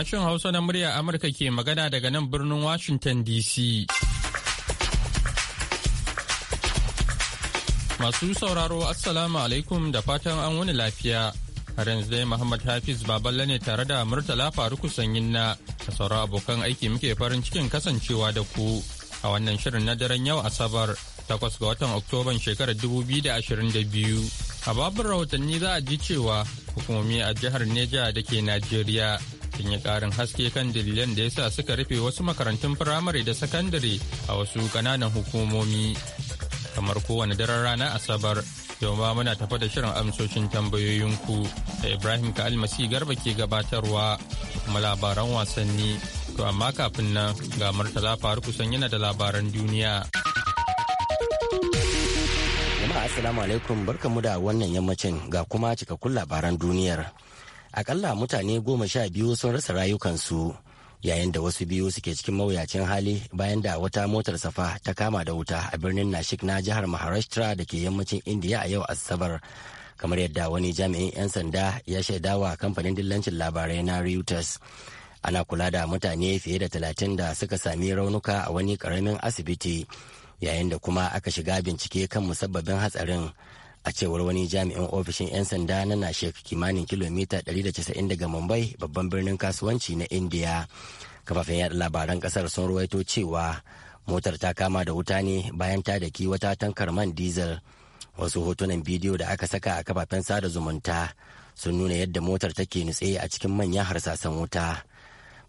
Sashen Hausa na murya Amurka ke magana daga nan birnin Washington DC. Masu sauraro Assalamu alaikum da fatan an wani lafiya. Har yanzu dai Muhammad Hafiz Baballe ne tare da Murtala Faruku Sanyin na a sauran abokan aiki muke farin cikin kasancewa da ku a wannan shirin na daren yau Asabar takwas ga watan Oktoban shekarar da biyu. A babin rahotanni za a ji cewa hukumomi a jihar Neja da ke Najeriya sun ya karin haske kan dalilan da ya sa suka rufe wasu makarantun firamare da sakandare a wasu kananan hukumomi. Kamar kowane daren rana Asabar, yau ma muna tafa da shirin amsoshin tambayoyinku da Ibrahim ka almasi Garba ke gabatarwa kuma labaran wasanni. To amma kafin nan ga Murtala faru kusan yana da labaran duniya. Jama'a Assalamu alaikum barkamu da wannan yammacin ga kuma cikakkun labaran duniyar. akalla mutane goma sha biyu sun rasa rayukansu yayin da wasu biyu suke cikin mawuyacin hali bayan da wata motar safa ta kama da wuta a birnin nashik na jihar maharashtra da ke yammacin indiya a yau asabar kamar yadda wani jami'in 'yan sanda ya shaidawa kamfanin dillancin labarai na reuters ana kula da mutane fiye da talatin da suka sami raunuka a wani karamin asibiti yayin da kuma aka shiga bincike kan musabbabin hatsarin a cewar wani jami'in ofishin 'yan sanda na nashek kimanin kilomita 190 daga mumbai babban birnin kasuwanci na indiya kafafen yada labaran kasar sun ruwaito cewa motar ta kama da wuta ne bayan ta daki wata tankar man diesel wasu hotunan bidiyo da aka saka a kafafen sada zumunta sun nuna yadda motar take nutse a cikin manyan harsasan wuta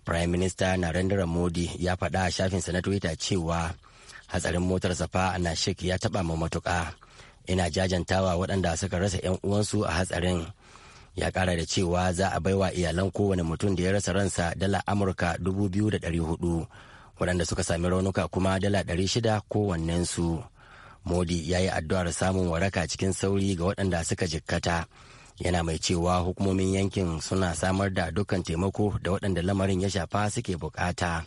prime minister narendra modi ya faɗa a shafinsa na twitter cewa hatsarin motar safa a nashik ya taɓa ma matuƙa ina jajantawa waɗanda suka rasa 'yan uwansu a hatsarin ya ƙara da cewa za a baiwa iyalan kowane mutum da ya rasa ransa dala amurka 2,400 waɗanda suka sami raunuka kuma dala 600 kowannensu modi ya yi addu'ar samun waraka cikin sauri ga waɗanda suka jikkata yana mai cewa hukumomin yankin suna samar da dukkan taimako da waɗanda lamarin ya shafa suke bukata.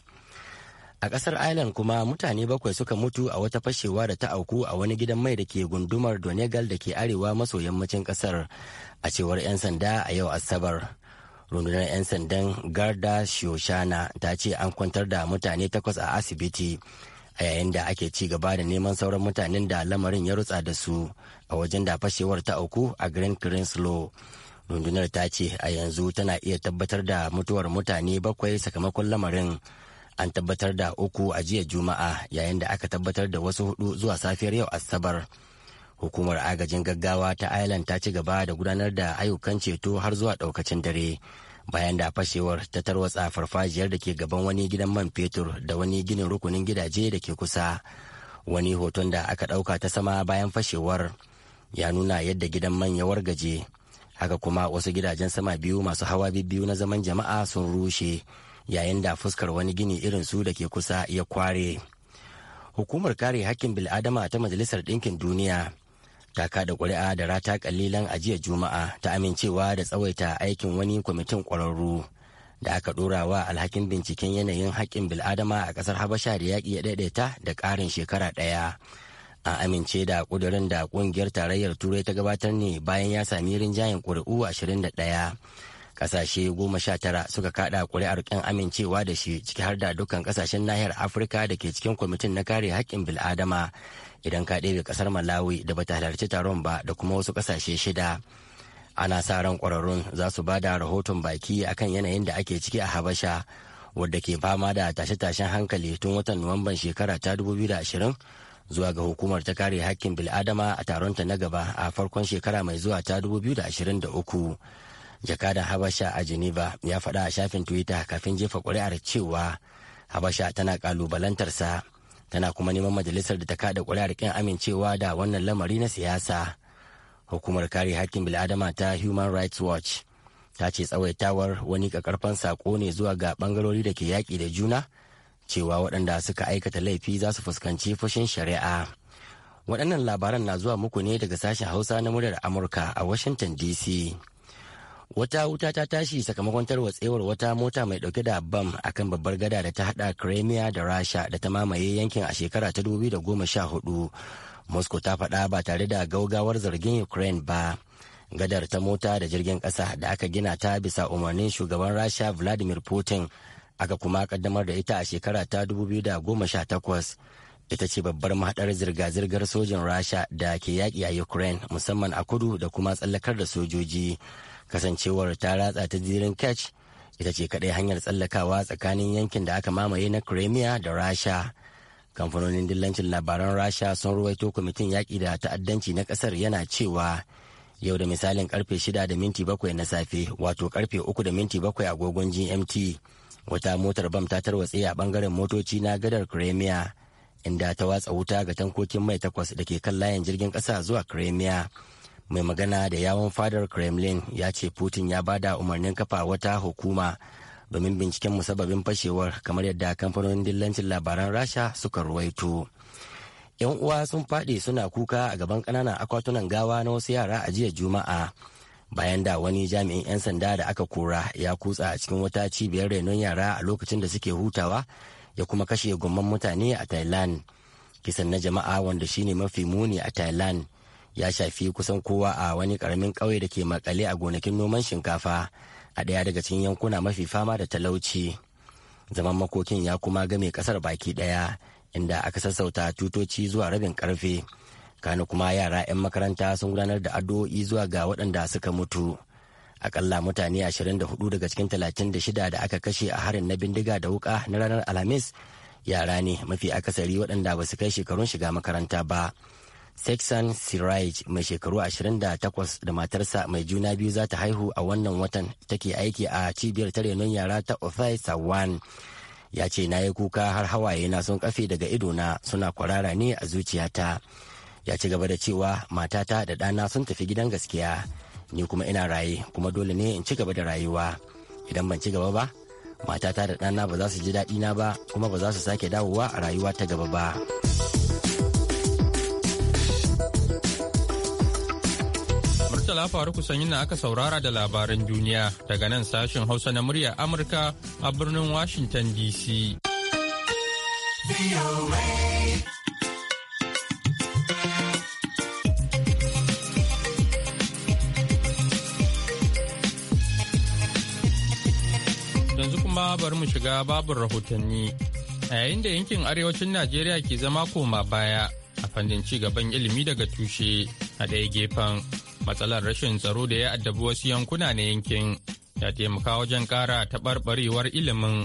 A ƙasar Ireland kuma mutane bakwai suka mutu a wata fashewa da ta auku a wani gidan mai da ke gundumar Donegal da ke arewa maso yammacin ƙasar a cewar 'yan sanda a yau Asabar. Rundunar 'yan sandan Garda Shoshana ta ce an kwantar da mutane takwas a asibiti a yayin da ake ci gaba da neman sauran mutanen da lamarin ya rutsa da su a wajen da fashewar ta auku a Green Crenslaw. Rundunar ta ce a yanzu tana iya tabbatar da mutuwar mutane bakwai sakamakon lamarin. an tabbatar da uku a jiya juma'a yayin da aka tabbatar da wasu hudu zuwa safiyar yau asabar hukumar agajin gaggawa ta ireland ta ci gaba da gudanar da ayyukan ceto har zuwa daukacin dare bayan da fashewar ta tarwatsa farfajiyar da ke gaban wani gidan man fetur da wani ginin rukunin gidaje da ke kusa wani hoton da aka ɗauka ta sama bayan fashewar ya nuna yadda gidan man ya wargaje haka kuma wasu gidajen sama biyu masu hawa biyu na zaman jama'a sun rushe yayin da fuskar wani gini irin su da ke kusa ya kware hukumar kare hakkin bil'adama ta majalisar ɗinkin duniya ta kada ƙuri'a da rata kalilan a jiya juma'a ta amincewa da tsawaita aikin wani kwamitin ƙwararru da aka ɗora wa alhakin binciken yanayin haƙƙin bil'adama a ƙasar habasha da yaƙi ya ɗaiɗaita da ƙarin shekara ɗaya an amince da ƙudurin da ƙungiyar tarayyar turai ta gabatar ne bayan ya sami rinjayen ƙuri'u ashirin da ɗaya. kasashe goma sha tara suka kada kuri'ar kin amincewa da shi ciki har da dukkan kasashen nahiyar afirka da ke cikin kwamitin na kare haƙƙin bil'adama idan ka ɗebe kasar malawi da bata halarci taron ba da kuma wasu kasashe shida ana sa ran ƙwararrun za su ba da rahoton baki akan yanayin da ake ciki a habasha wadda ke fama da tashe-tashen hankali tun watan nuwamban shekara ta 2020 zuwa ga hukumar ta kare haƙƙin bil'adama a taronta na gaba a farkon shekara mai zuwa ta 2023 jakada habasha a geneva ya faɗa a shafin twitter kafin jefa ƙuri'ar cewa habasha tana ƙalubalantarsa tana kuma neman majalisar da ta kada ƙuri'ar ƙin amincewa da wannan lamari na siyasa hukumar kare hakkin bil'adama ta human rights watch ta ce tsawaitawar wani ƙaƙarfan saƙo ne zuwa ga ɓangarori da ke yaƙi da juna cewa waɗanda suka aikata laifi za su fuskanci fushin shari'a waɗannan labaran na zuwa muku ne daga sashen hausa na muryar amurka a washington dc wata wuta ta tashi sakamakon tarwatsewar wata mota mai dauke da bam akan babbar gada da ta hada crimea da rasha da ta mamaye yankin a shekara ta 2014 moscow ta faɗa ba tare da gaugawar zargin ukraine ba gadar ta mota da jirgin ƙasa da aka gina ta bisa umarnin shugaban rasha vladimir putin aka kuma kaddamar da ita a shekara ta 2018 ita ce babbar mahaɗar zirga-zirgar sojin rasha da ke yaƙi a ukraine musamman a kudu da kuma tsallakar da sojoji kasancewar ta ratsa ta zirin kerch ita ce kadai hanyar tsallakawa tsakanin yankin da aka mamaye na crimea da rasha kamfanonin dillancin labaran rasha sun ruwaito kwamitin yaƙi da ta'addanci na ƙasar yana cewa yau da misalin karfe 6 da minti 7 na safe wato karfe 3 da minti 7 agogon gmt wata motar bam ta tarwatse a bangaren motoci na gadar crimea inda ta watsa wuta ga tankokin mai takwas da ke kan layin jirgin ƙasa zuwa crimea mai magana da yawon fadar kremlin ya ce putin ya bada umarnin kafa wata hukuma domin binciken musababin fashewar kamar yadda kamfanonin dillancin labaran rasha suka ruwaito yan uwa sun faɗi suna kuka a gaban ƙananan akwatunan gawa na wasu yara a jiya juma'a bayan da wani jami'in 'yan sanda da aka kora ya kutsa a cikin wata cibiyar renon yara a lokacin da suke hutawa ya kuma kashe gomman mutane a thailand kisan na jama'a wanda shine mafi muni a thailand ya shafi kusan kowa a wani karamin ƙauye da ke makale a gonakin noman shinkafa a ɗaya daga cikin yankuna mafi fama da talauci zaman makokin ya kuma game ƙasar baki ɗaya inda aka sassauta tutoci zuwa rabin ƙarfe Kano kuma yara 'yan makaranta sun gudanar da addu'o'i zuwa ga waɗanda suka mutu akalla mutane 24 daga cikin 36 da aka kashe a harin na bindiga da wuka na ranar alhamis yara ne mafi akasari waɗanda ba su kai shekarun shiga makaranta ba Sexan Siraj mai shekaru 28 da matarsa mai juna biyu za ta haihu a wannan watan take aiki a cibiyar ta nan yara ta Ofai Sawan. Ya ce na yi kuka har hawaye na sun kafe daga ido na suna kwarara ne a zuciyata. Ya ci gaba da cewa matata da ɗana sun tafi gidan gaskiya. Ni kuma ina raye kuma dole ne in ci gaba da rayuwa. Idan ban ci gaba ba, matata da ɗana ba za su ji daɗina ba kuma ba za su sake dawowa a rayuwa ta gaba ba. Murtala Faruku sanyi na aka saurara da labaran duniya daga nan sashen Hausa na murya Amurka a birnin Washington DC. Yanzu kuma bari mu shiga babin rahotanni. A yayin da yankin arewacin Najeriya ke zama koma baya a fannin ci gaban ilimi daga tushe a ɗaya gefen matsalar rashin tsaro da ya addabi wasu yankuna na yankin ya taimaka wajen kara taɓarɓarewar ilimin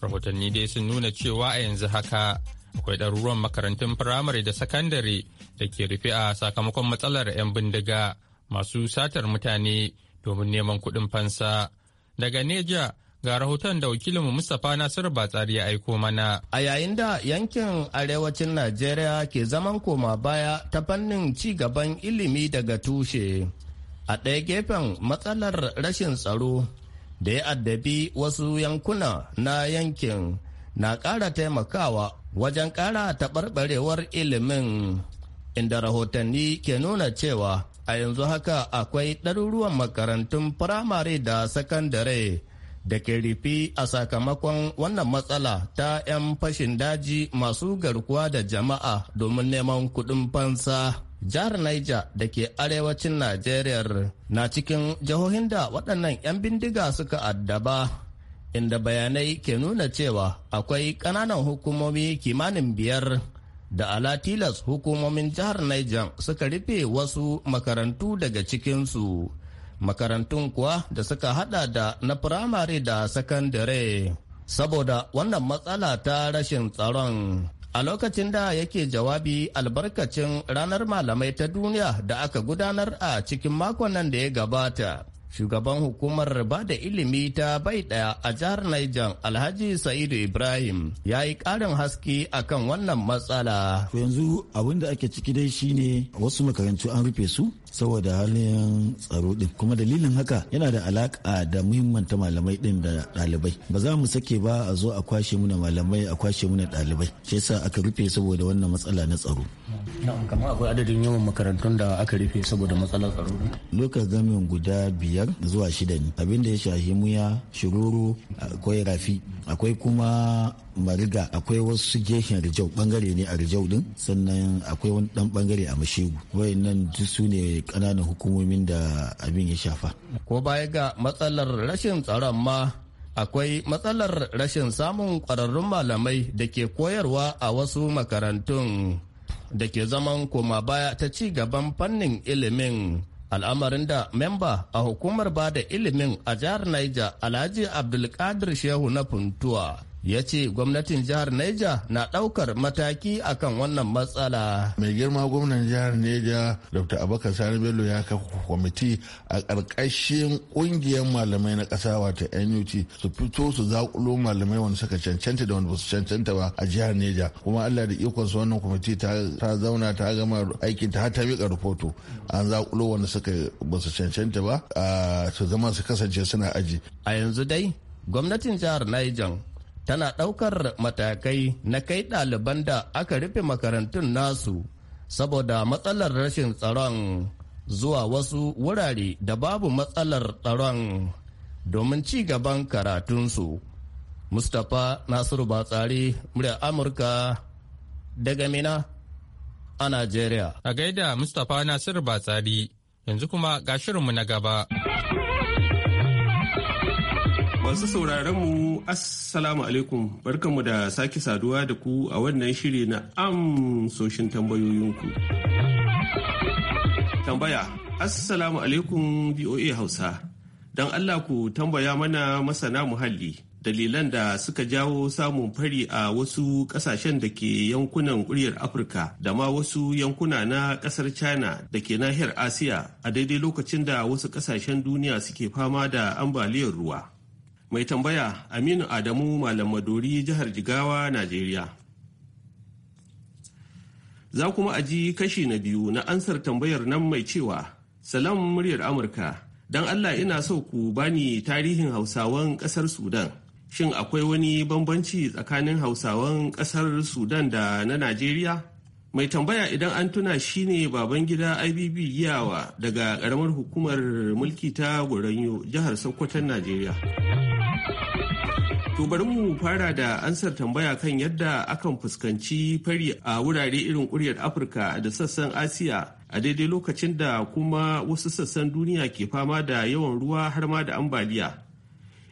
rahotanni dai sun nuna cewa a yanzu haka akwai ɗaruruwan makarantun firamare da sakandare da ke rufe a sakamakon matsalar 'yan bindiga masu satar mutane domin neman kuɗin fansa daga neja ga rahoton da wakilinmu Mustapha Nasir Batsari ya aiko mana. A yayin da yankin arewacin Najeriya ke zaman koma baya ta fannin ci gaban ilimi daga tushe. A ɗaya gefen matsalar rashin tsaro da ya addabi wasu yankuna na yankin na ƙara taimakawa wajen ƙara taɓarɓarewar ilimin inda rahotanni ke nuna cewa a yanzu haka akwai ɗaruruwan makarantun firamare da sakandare da ke rifi a sakamakon wannan matsala ta 'yan fashin daji masu garkuwa da jama'a domin neman kuɗin fansa. Jihar Niger da ke arewacin Najeriya na cikin jihohin da waɗannan 'yan bindiga suka addaba inda bayanai ke nuna cewa akwai ƙananan hukumomi kimanin biyar da ala tilas hukumomin jihar Niger suka rufe wasu makarantu daga cikinsu. makarantun kuwa da suka hada da na firamare da sakandare saboda wannan matsala ta rashin tsaron a lokacin da yake jawabi albarkacin ranar malamai ta duniya da aka gudanar a cikin makon nan da ya gabata shugaban hukumar ba da ilimi ta bai daya a jihar Niger Alhaji Sa'idu Ibrahim ya yi ƙarin haske akan wannan matsala. yanzu abin da ake ciki dai shine wasu makarantu an rufe su saboda halin tsaro din kuma dalilin haka yana da alaka da muhimmanta malamai din da ɗalibai ba za mu sake ba a zo a kwashe muna malamai a kwashe muna ɗalibai shi yasa aka rufe saboda wannan matsala na tsaro. Na'am, kamar akwai adadin yawan makarantun da aka rufe saboda matsalar tsaro. lokacin gamin guda biyar biyar zuwa shida ne abin da ya shahi muya shiruru akwai rafi akwai kuma mariga akwai wasu gefen rijau bangare ne a rijau din sannan akwai wani dan bangare a mashegu nan duk su ne kananan hukumomin da abin ya shafa ko baya ga matsalar rashin tsaron ma akwai matsalar rashin samun kwararrun malamai da ke koyarwa a wasu makarantun da ke zaman koma baya ta ci gaban fannin ilimin al'amarin da memba a hukumar ba da ilimin a jihar Niger Alhaji Abdulkadir Shehu na Funtuwa ya ce gwamnatin jihar Niger na ɗaukar mataki akan wannan matsala. Mai girma gwamnan jihar Neja Dr. Abubakar Sani Bello ya kafa kwamiti a ƙarƙashin ƙungiyar malamai na ƙasa wata NUT su fito su zaƙulo malamai wanda suka cancanta da wanda ba su cancanta ba a jihar Neja. Kuma Allah da ikon su wannan kwamiti ta zauna ta gama aikin ta har ta miƙa rahoto an zaƙulo wanda suka ba su cancanta ba su zama su kasance suna aji. A yanzu dai gwamnatin jihar Niger tana ɗaukar matakai na kai ɗaliban da aka rufe makarantun nasu saboda matsalar rashin tsaron zuwa wasu wurare da babu matsalar tsaron domin ci gaban karatunsu. Mustapha Nasiru Batsari, murya Amurka daga Mina a Najeriya. A gaida Mustapha Nasiru Batsari, yanzu kuma ga shirinmu na gaba. Masu sauraron mu Assalamu alaikum barkanmu da sake saduwa da ku a wannan shiri na amsoshin tambayoyinku. Tambaya Assalamu alaikum VOA Hausa. Don Allah ku tambaya mana masana muhalli dalilan da suka jawo samun fari a wasu kasashen da ke yankunan kuryar Afirka da ma wasu yankuna na kasar China da ke nahiyar Asiya a daidai lokacin da wasu kasashen duniya suke fama da ambaliyar ruwa. Mai tambaya Aminu Adamu Malam Madori jihar Jigawa, Najeriya. Za kuma aji kashi na biyu na ansar tambayar nan mai cewa, Salam muryar Amurka, don Allah ina so ku bani tarihin Hausawan ƙasar Sudan. Shin akwai wani bambanci tsakanin Hausawan ƙasar Sudan da na Najeriya? mai tambaya idan an tuna shine baban gida ibb yawa daga karamar hukumar mulki ta goranyo jihar sokoton najeriya To bari mu fara da ansar tambaya kan yadda akan fuskanci fari a wurare irin kuryar Afirka da sassan Asiya a daidai lokacin da kuma wasu sassan duniya ke fama da yawan ruwa har ma da ambaliya.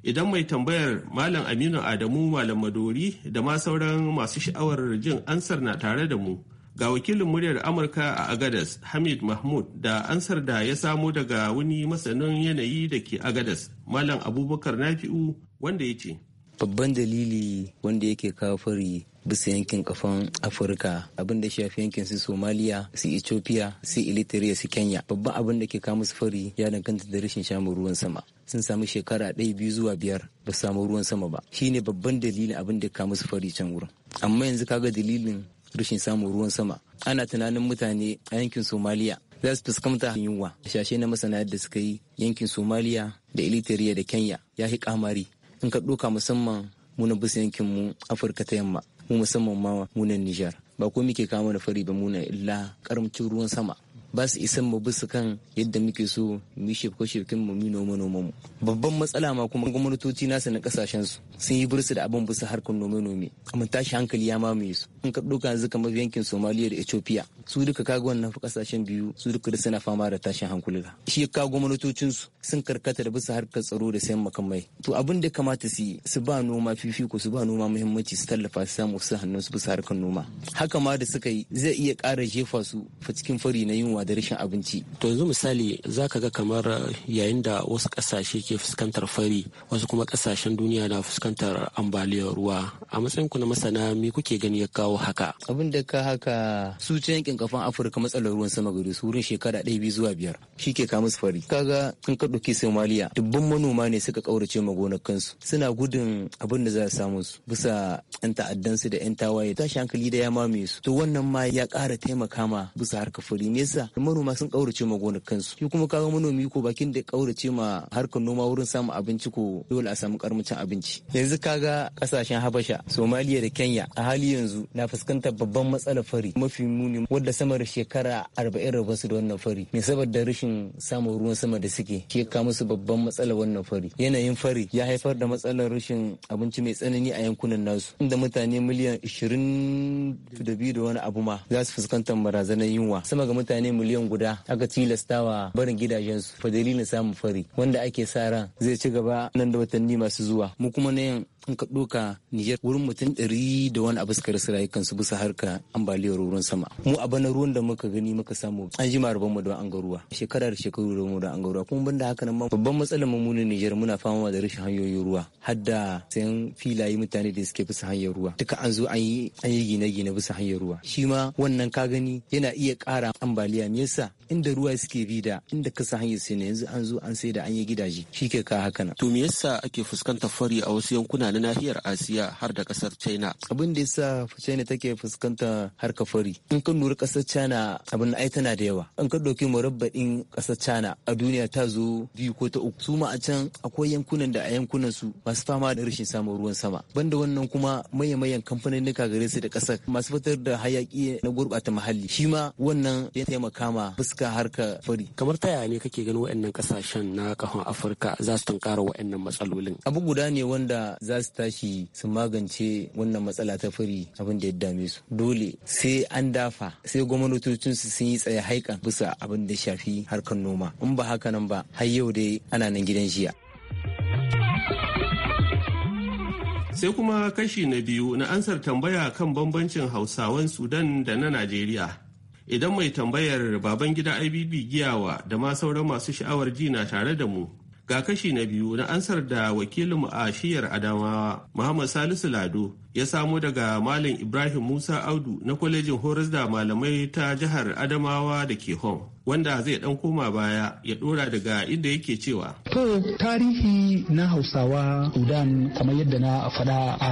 Idan mai tambayar Malam Aminu Adamu Malam Madori da ma sauran masu sha'awar jin ansar na tare da mu. Ga wakilin muryar Amurka a Agadas Hamid Mahmud da ansar da ya samo daga wani masanin yanayi da ke Agadas Malam Abubakar Nafi'u wanda ya ce. babban dalili wanda yake kawo fari bisa yankin kafan afirka abin da shafi yankin su somaliya su ethiopia su eritrea su kenya babban abin da ke kawo musu fari ya danganta da rashin shamun ruwan sama sun samu shekara ɗaya biyu zuwa biyar ba su samu ruwan sama ba shine babban dalilin abin da kawo musu fari can wurin amma yanzu kaga dalilin rashin samun ruwan sama ana tunanin mutane a yankin somaliya za su fuskanta yunwa shashe na masana da suka yi yankin somaliya da eritrea da kenya ya yi kamari in ka ɗoka musamman muna bisa yankin mu afirka ta yamma mu musamman ma munan nijar ba ko muke kama da fari ba muna illa karamcin ruwan sama ba su isan mu bisa kan yadda muke so mu shifko shifkin mu noma noma mu babban matsala ma kuma gwamnatoci nasu na kasashen su sun yi bursu da abin bisa harkar noma nome amma tashi hankali ya mamaye su in ka ɗauka yanzu kamar yankin Somalia da Ethiopia su duka kaga wannan kasashen biyu su duka da suna fama da tashin hankula shi ka gwamnatocin su sun karkata da bisa harkar tsaro da sayan makamai to abin da kamata su yi su ba noma fifiko su ba noma muhimmanci su tallafa su samu su hannun su bisa harkar noma haka ma da suka yi zai iya ƙara jefa su cikin fari na yunwa yunwa da rashin abinci to yanzu misali za ka ga kamar eh, yayin da wasu ƙasashe ke fuskantar fari wasu kuma ƙasashen duniya na fuskantar ambaliyar ruwa a matsayin ku na masana me kuke gani ya kawo haka abin da ka haka su ta yankin kafan afirka matsalar ruwan sama gari su wurin shekara ɗaya biyu zuwa biyar shi ke kamus fari kaga in ka ɗauki somaliya dubban manoma ne suka ƙaurace ma gonakansu suna gudun abin da za a samu su bisa 'yan ta'addansu da 'yan tawaye tashi hankali da ya me su to wannan ma ya ƙara taimaka ma bisa harka fari me yasa manoma sun kaurace ma gonakansu shi kuma kaga manomi ko bakin da kaurace ma harkar noma wurin samun abinci ko dole a samu karamcin abinci yanzu kaga kasashen habasha somaliya da kenya a hali yanzu na fuskantar babban matsalar fari mafi muni wadda sama da shekara arba'in rabu su da wannan fari me saboda rashin samun ruwan sama da suke ke ka musu babban matsalar wannan fari yanayin fari ya haifar da matsalar rashin abinci mai tsanani a yankunan nasu inda mutane miliyan biyu da wani abu ma za su fuskantar barazanar yunwa sama ga mutane miliyan guda aka tilastawa barin gidajensu fa dalilin samun fari wanda ake sa ran zai ci gaba nan da watanni masu zuwa mu kuma na yin in ka ɗoka Nijar wurin mutum ɗari da wani abu suka rasa rayukan su bisa harka ambaliyar ruwan sama. Mu a bana ruwan da muka gani muka samu an jima rabon mu da an ga ruwa shekara da shekaru da mu da an ga ruwa kuma banda haka nan ma babban matsalar mu ne Nijar muna fama da rashin hanyoyin ruwa Hadda. da sayan filaye mutane da suke bisa hanyar ruwa duka an zo an yi an yi gine-gine bisa hanyar ruwa shi ma wannan ka gani yana iya ƙara ambaliya me yasa inda ruwa suke bi da inda kasa hanyar sai yanzu an zo an sai da an yi gidaje shi ke ka haka nan. To me yasa ake fuskantar fari a wasu yankuna yankuna na nahiyar asiya har da kasar china abin da yasa china take fuskantar harka fari in ka lura kasar china abin ai tana da yawa in ka ɗauki murabba'in kasar china a duniya ta zo biyu ko ta uku su a can akwai yankunan da a yankunan su masu fama da rashin samun ruwan sama banda wannan kuma mayan kamfanin gare su da kasar masu fitar da hayaki na gurbata muhalli shi ma wannan ya taimaka ma fuska harka fari kamar ta yaya ne kake ganin waɗannan kasashen na kahon afirka za su tunkara waɗannan matsalolin abu guda ne wanda za za su tashi su magance wannan matsala ta fari abin da ya dame su dole sai an dafa sai gwamnatocin su sun yi tsaye haika bisa abin da shafi harkar noma in ba haka nan ba har yau dai ana nan gidan jiya sai kuma kashi na biyu na ansar tambaya kan bambancin hausawan sudan da na najeriya idan mai tambayar baban gida ibb giyawa da ma sauran masu sha'awar ji na tare da mu Ga kashi na biyu na ansar da wakilinmu a shiyar Adamawa, Muhammad Salisu Lado ya samo daga Malam Ibrahim Musa Audu na kwalejin horas da malamai ta jihar Adamawa da ke Hong. Wanda zai dan koma baya ya dora daga inda yake cewa. To tarihi na Hausawa Sudan kamar yadda na faɗa a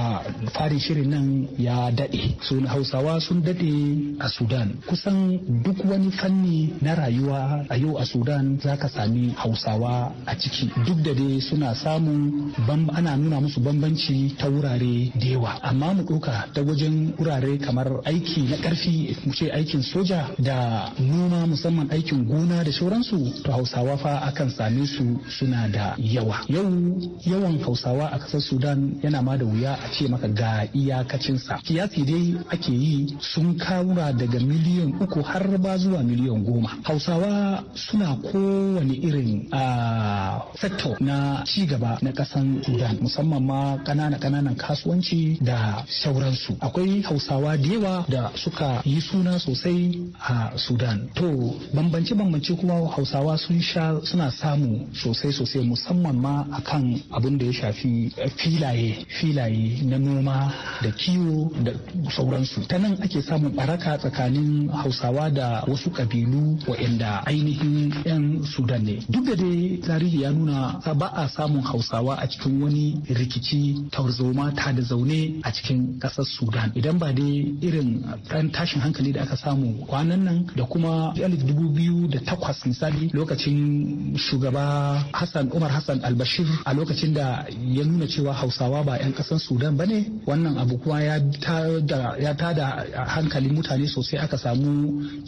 farin shirin nan ya daɗe. na Hausawa sun daɗe a Sudan. Kusan duk wani fanni na rayuwa a yau a Sudan za ka sami Hausawa a ciki. Duk da dai suna samun ana nuna musu bambanci ta wurare da yawa. amma mu ɗauka ta wajen wurare kamar aiki na ƙarfi mu ce aikin soja da noma musamman aikin gona da sauransu to hausawa fa akan same su suna da yawa yau yawan hausawa a ƙasar sudan yana ma da wuya a ce maka ga iyakacinsa kiyasi dai ake yi sun kawura daga miliyan uku har ba zuwa miliyan goma hausawa suna kowane irin a sector na cigaba na ƙasan sudan musamman ma ƙananan kasuwanci da da sauransu akwai hausawa da yawa da suka yi suna sosai a sudan to bambance bambance kuma hausawa sun sha suna samu sosai sosai musamman ma akan abin da ya shafi eh, filaye filaye na noma da kiwo da sauransu ta nan ake samun baraka tsakanin hausawa da wasu kabilu inda ainihin 'yan sudan ne duk da dai tarihi ya nuna ba a samun hausawa a cikin wani rikici tarzoma ta da zaune a cikin kasar sudan idan ba dai irin ɗan tashin hankali da aka samu kwanan nan da kuma alif dubu biyu da takwas misali lokacin shugaba hassan umar hassan albashir a lokacin da ya nuna cewa hausawa ba 'yan kasar sudan ba ne wannan abu kuma ya ta da hankalin mutane sosai aka samu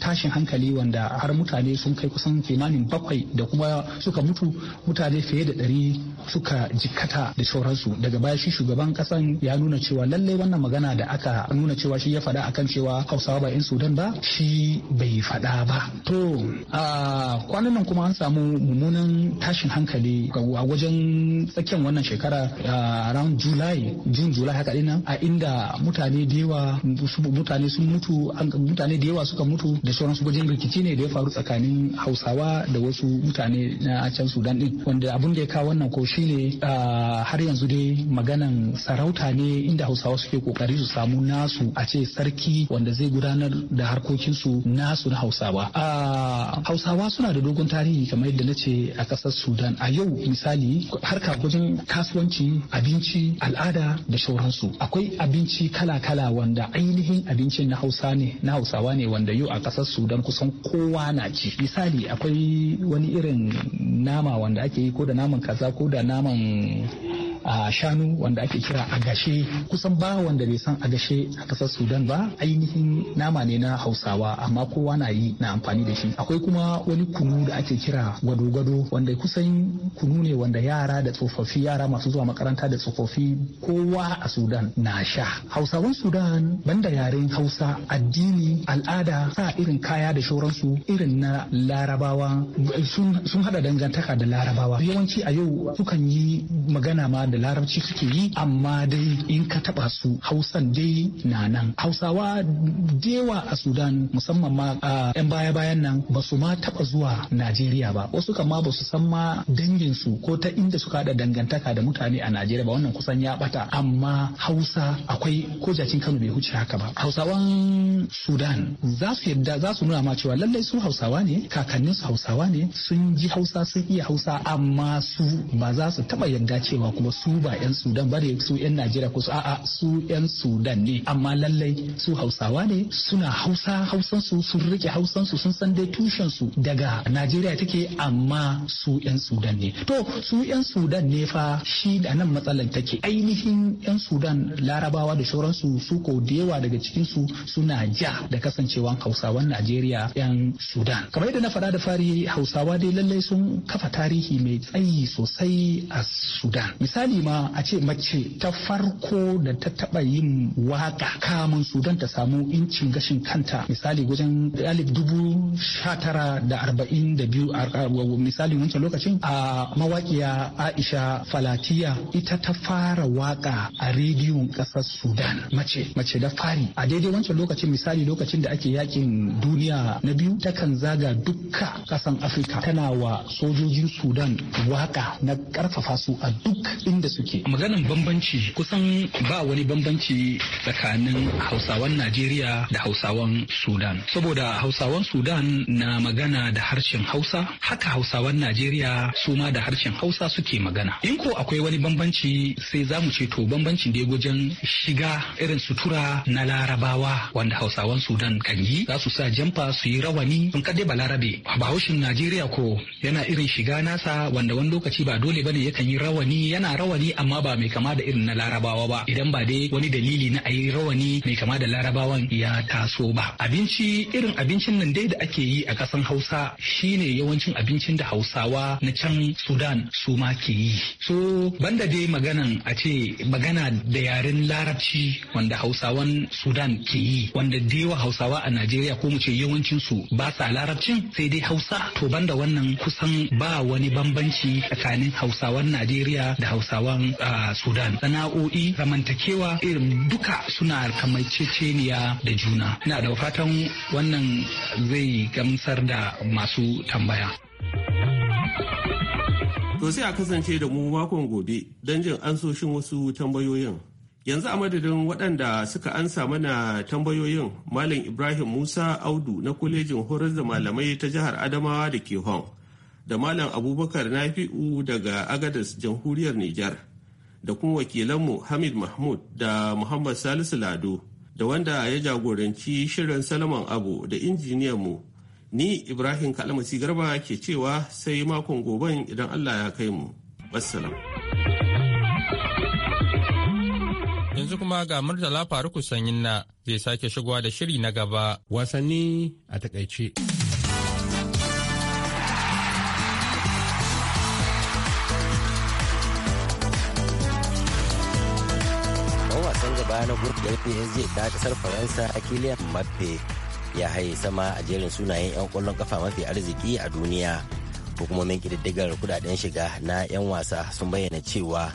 tashin hankali wanda har mutane sun kai kusan kimanin bakwai da kuma suka mutu mutane fiye da ɗari suka jikkata da sauransu daga baya shi shugaban kasan ya nuna cewa lallai wannan magana da aka nuna cewa shi ya faɗa akan cewa hausawa ba in sudan ba shi bai faɗa ba to a kwanan nan kuma an samu mummunan tashin hankali a wajen tsakiyar wannan shekara a ran july june july haka dinnan a inda mutane da yawa mutane sun mutu mutane da yawa suka mutu da sauransu wajen rikici ne da ya faru tsakanin hausawa da wasu mutane na can sudan din wanda abin da ya kawo wannan ko shine har yanzu dai maganan sarauta ne inda hausawa hausawa suke kokari su samu nasu a ce sarki wanda zai gudanar da harkokinsu nasu na hausawa a hausawa suna da dogon tarihi kamar yadda na ce a kasar sudan a yau misali harka wajen kasuwanci abinci al'ada da shauransu akwai abinci kala-kala wanda ainihin abincin na hausa ne na hausawa ne wanda yau a kasar sudan kusan kowa na ci misali akwai wani irin nama wanda ake yi ko da naman kaza ko da naman a shanu wanda ake kira agashe kusan ba wanda bai san agashe a kasar sudan ba ainihin nama ne na hausawa amma kowa na yi na amfani da shi akwai kuma wani kunu da ake kira gwado-gwado wanda kusan kunu ne wanda yara da tsofaffi yara masu zuwa makaranta da tsofaffi kowa a sudan na sha hausawan sudan banda yaren hausa addini al'ada sa irin kaya da shauransu irin na larabawa sun hada dangantaka da larabawa yawanci a yau sukan yi magana ma da larabci suke yi amma dai in ka taba su hausan dai na nan hausawa dewa a sudan musamman ma a yan baya bayan nan ba su ma taba zuwa najeriya ba wasu kama ba su san ma dangin su ko ta inda suka da dangantaka da mutane a najeriya ba wannan kusan ya bata amma hausa akwai ko jakin kano bai huce haka ba hausawan sudan za su yadda za su nuna ma cewa lallai su hausawa ne kakannin su hausawa ne sun ji hausa sun iya hausa amma su ba za su taba yadda cewa kuma su ba 'yan sudan ba da su 'yan najeriya ko su a'a su 'yan sudan ne amma lallai su hausawa ne suna hausa hausansu sun rike hausan su sun san dai tushen su daga najeriya take amma su 'yan sudan ne to su 'yan sudan ne fa shi da nan matsalar take ainihin 'yan sudan larabawa da shoransu su ko da yawa daga cikinsu suna ja da kasancewan hausawan najeriya 'yan sudan kamar yadda na faɗa da fari hausawa dai lallai sun kafa tarihi mai tsayi sosai a sudan misali misali ma a ce mace ta farko da ta taba yin waka kamun sudan ta samu incin gashin kanta misali wajen alif dubu sha da arba'in da biyu misali wancan lokacin a mawaƙiya aisha falatiya ita ta fara waka a rediyon ƙasar sudan mace mace da fari a daidai wancan lokacin misali lokacin da ake yakin duniya na biyu takan zaga dukka ƙasan afirka tana wa sojojin sudan waka na ƙarfafa su a duk in da suke maganan bambanci kusan ba wani bambanci tsakanin hausawan najeriya da hausawan sudan saboda hausawan sudan na magana da harshen hausa haka hausawan najeriya su ma da harshen hausa suke magana in ko akwai wani bambanci sai za mu ce to bambancin da wajen shiga irin sutura na larabawa wanda hausawan sudan kan yi za su sa jamfa su yi rawani sun kadai ba larabe bahaushin najeriya ko yana irin shiga nasa wanda wani lokaci ba dole ba bane yakan yi rawani yana rawani rawani amma ba mai kama da irin na larabawa ba idan ba dai wani dalili na a yi rawani mai kama da larabawan ya taso ba abinci irin abincin nan dai da ake yi a kasan hausa shine yawancin abincin da hausawa na can sudan su ma ke yi so banda dai maganan a ce magana da yaren larabci wanda hausawan sudan ke yi wanda dewa hausawa a najeriya ko mu ce yawancin su ba sa larabcin sai dai hausa to banda wannan kusan ba wani bambanci tsakanin hausawan najeriya da hausawa Hausawan Sudan sana'o'i zamantakewa irin duka suna ceceniya da juna ina da fatan wannan zai gamsar da masu tambaya. To sai a kasance da mu makon gobe don jin ansoshin wasu tambayoyin. Yanzu a madadin waɗanda suka ansa mana tambayoyin Malam Ibrahim Musa Audu na kwalejin horar da malamai ta jihar Adamawa da ke Hong da Malam Abubakar Nafi'u daga Agadas Jamhuriyar Nijar da kuma wakilanmu Hamid Mahmud da Muhammad Salisu Lado da wanda ya jagoranci shirin Salaman Abu da mu ni Ibrahim Kalmasi Garba ke cewa sai makon goben idan Allah ya kai mu. Wassalam. Yanzu kuma ga Murtala Faruku Sanyin na zai sake shigowa da shiri na gaba. Wasanni a takaice. kungiyar PSG da kasar Faransa Kylian Mbappe ya haye sama a jerin sunayen 'yan kwallon kafa mafi arziki a duniya. Hukumomin kididdigar kudaden shiga na 'yan wasa sun bayyana cewa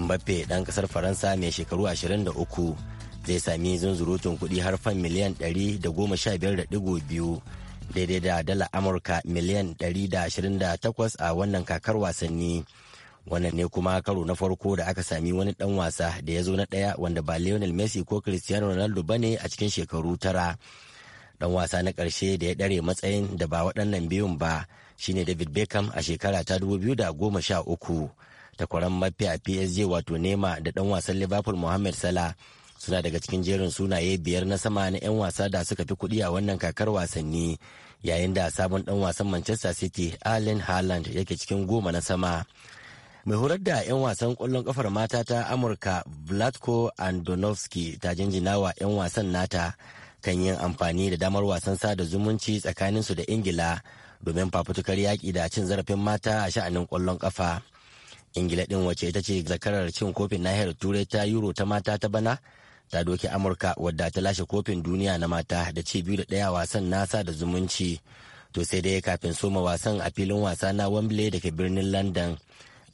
Mbappe dan kasar Faransa mai shekaru 23 zai sami zunzurutun kuɗi har fan miliyan 115.2 daidai da dala Amurka miliyan 128 a wannan kakar wasanni. wannan ne kuma karo na farko da aka sami wani dan wasa da ya zo na ɗaya wanda ba lionel messi ko cristiano ronaldo ba ne a cikin shekaru tara dan wasa na karshe da ya ɗare matsayin da ba waɗannan biyun ba shine david beckham a shekara ta 2013 takwaran mafi a psg wato nema da dan wasan liverpool mohamed salah suna daga cikin jerin sunaye biyar na sama na 'yan wasa da suka fi kuɗi a wannan kakar wasanni yayin da sabon dan wasan manchester city allen haaland yake cikin goma na sama mai horar da 'yan wasan kwallon kafar mata ta amurka vladko andonovski ta jinjina wa 'yan wasan nata kan yin amfani da damar wasan sada zumunci tsakanin su da ingila domin fafutukar yaƙi da cin zarafin mata a sha'anin kwallon kafa ingila din wacce ita ce zakarar cin kofin nahiyar turai ta euro ta mata ta bana ta doki amurka wadda ta lashe kofin duniya na mata da ci biyu da ɗaya wasan nasa da zumunci to sai dai kafin soma wasan a filin wasa na wembley da ke birnin london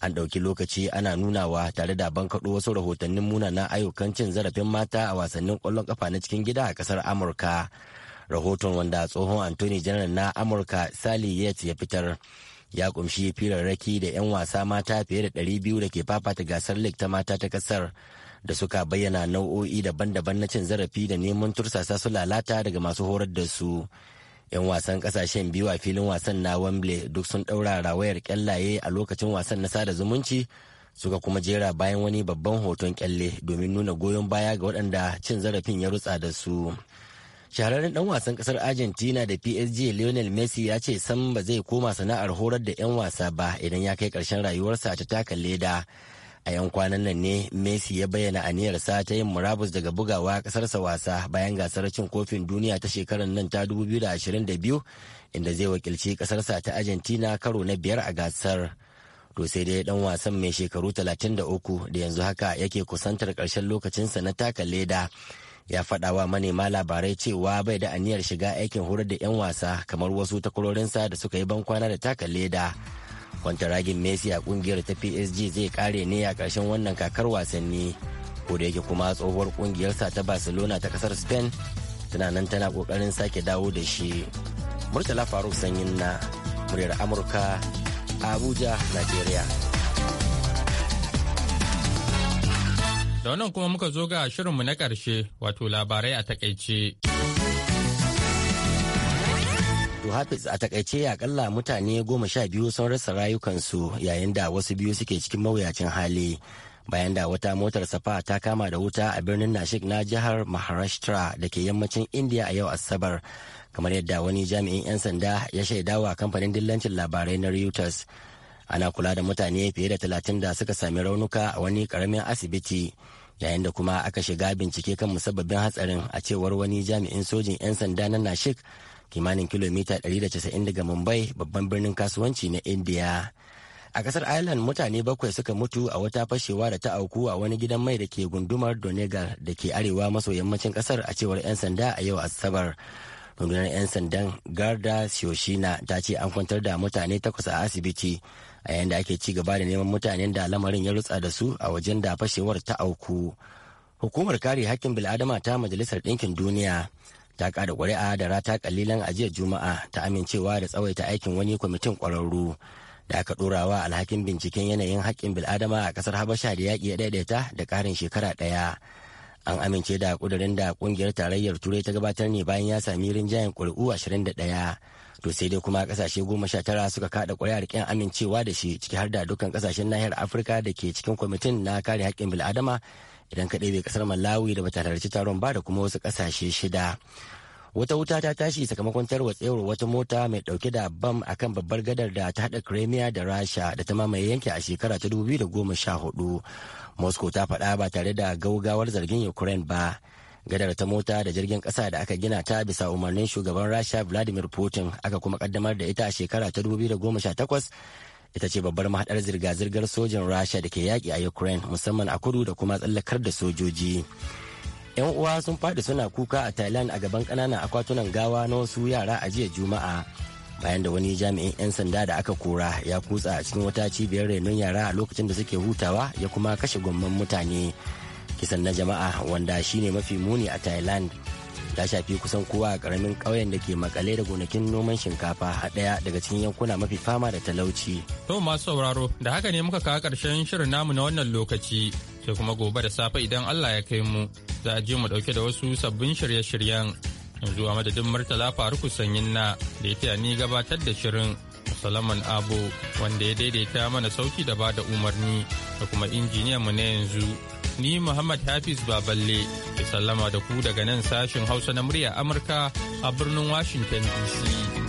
an ɗauki lokaci ana nunawa tare da bankaɗo wasu rahotannin munanan ayyukan cin zarafin mata a wasannin ƙwallon ƙafa na cikin gida a ƙasar amurka rahoton wanda tsohon Antony general na amurka sally yates ya fitar ya kumshi firarraki da 'yan wasa mata fiye da ɗari biyu da ke fafata gasar lake ta mata ta kasar da suka bayyana nau'o'i daban-daban na cin zarafi da neman tursasa su lalata daga masu horar da su 'yan wasan kasashen biyu a filin wasan na wembley duk sun ɗaura rawayar kyallaye a lokacin wasan na sada zumunci suka kuma jera bayan wani babban hoton kyalle domin nuna goyon baya ga waɗanda cin zarafin ya rutsa da su shahararren dan wasan kasar argentina da psg lionel messi ya ce san ba zai koma sana'ar horar da 'yan wasa ba idan ya kai ƙarshen rayuwarsa ta taka leda a yan kwanan nan ne messi ya bayyana aniyarsa ta yin murabus daga bugawa kasarsa wasa bayan gasar cin kofin duniya ta shekarar nan ta 2022 inda zai wakilci kasarsa ta argentina karo na biyar a gasar to sai dai dan wasan mai shekaru 33 da yanzu haka yake kusantar karshen lokacinsa na taka leda ya faɗa wa manema labarai cewa bai da aniyar shiga aikin horar da 'yan wasa kamar wasu takwarorinsa da suka yi bankwana da taka leda. ragin messi a kungiyar ta psg zai kare ne a ƙarshen wannan kakar wasanni ko da yake kuma tsohuwar kungiyarsa ta barcelona ta kasar spain tana nan tana kokarin sake dawo da shi murtala faruk sanyin na muryar amurka abuja nigeria da wannan kuma muka zo ga shirinmu na karshe wato labarai a takaice. hafiz a takaice akalla mutane goma sha biyu sun rasa rayukansu yayin da wasu biyu suke cikin mawuyacin hali bayan da wata motar safa ta kama da wuta a birnin nashik na jihar maharashtra da ke yammacin india a yau asabar kamar yadda wani jami'in 'yan sanda ya shaidawa kamfanin dillancin labarai na reuters ana kula da mutane fiye da talatin da suka sami raunuka a wani karamin asibiti yayin da kuma aka shiga bincike kan musabbabin hatsarin a cewar wani jami'in sojin 'yan sanda na nashik kimanin kilomita 190 daga mumbai babban birnin kasuwanci na india a kasar ireland mutane bakwai suka mutu a wata fashewa da ta auku a wani gidan mai da ke gundumar donegal da ke arewa maso yammacin kasar a cewar 'yan sanda a yau asabar rundunar 'yan sandan garda Shoshina ta ce an kwantar da mutane takwas a asibiti a yayin da ake ci gaba da neman mutanen da lamarin ya rutsa da su a wajen da fashewar ta auku hukumar kare hakkin bil'adama ta majalisar ɗinkin duniya ta kada ƙuri'a da rata kalilan a jiya juma'a ta amincewa da tsawaita aikin wani kwamitin ƙwararru da aka ɗorawa alhakin binciken yanayin haƙƙin bil'adama a ƙasar habasha da yaƙi ya daidaita da ƙarin shekara ɗaya an amince da ƙudurin da ƙungiyar tarayyar turai ta gabatar ne bayan ya sami rinjayen ƙuri'u ashirin da ɗaya to sai dai kuma ƙasashe goma sha tara suka kaɗa ƙuri'ar ƙin amincewa da shi ciki har da dukkan ƙasashen nahiyar afirka da ke cikin kwamitin na kare haƙƙin bil'adama idan ka ɗebe kasar malawi da bata halarci taron ba da kuma wasu ƙasashe shida wata wuta ta tashi sakamakon tarwatsewar wata mota mai ɗauke da bam a kan babbar gadar da ta haɗa crimea da rasha da ta mamaye yanki a shekara ta hudu moscow ta faɗa ba tare da gaugawar zargin ukraine ba gadar ta mota da jirgin ƙasa da aka gina ta bisa umarnin shugaban rasha vladimir putin aka kuma kaddamar da ita a shekara ta 2018 ita ce babbar mahaɗar zirga-zirgar sojin rasha da ke yaƙi a ukraine musamman a kudu da kuma tsallakar da sojoji yan uwa sun faɗi suna kuka a thailand a gaban ƙananan akwatunan gawa na wasu yara a jiya juma'a bayan da wani jami'in 'yan sanda da aka kora ya kutsa a cikin wata cibiyar renon yara a lokacin da suke hutawa ya kuma kashe gwamman mutane kisan na jama'a wanda shine mafi muni a thailand ta shafi kusan kowa a karamin ƙauyen da ke makale da gonakin noman shinkafa a ɗaya daga cikin yankuna mafi fama da talauci. To masu sauraro da haka ne muka kawo ƙarshen shirin namu na wannan lokaci sai kuma gobe da safe idan Allah ya kai mu za a je mu ɗauke da wasu sabbin shirye-shiryen. Yanzu a madadin Murtala Faruku Sanyin na da ya taya ni gabatar da shirin Salaman Abo wanda ya daidaita mana sauki da ba da umarni da kuma injiniyan mu na yanzu. ni Muhammad Hafiz Baballe ke sallama da ku daga nan sashin Hausa na murya Amurka a birnin Washington DC.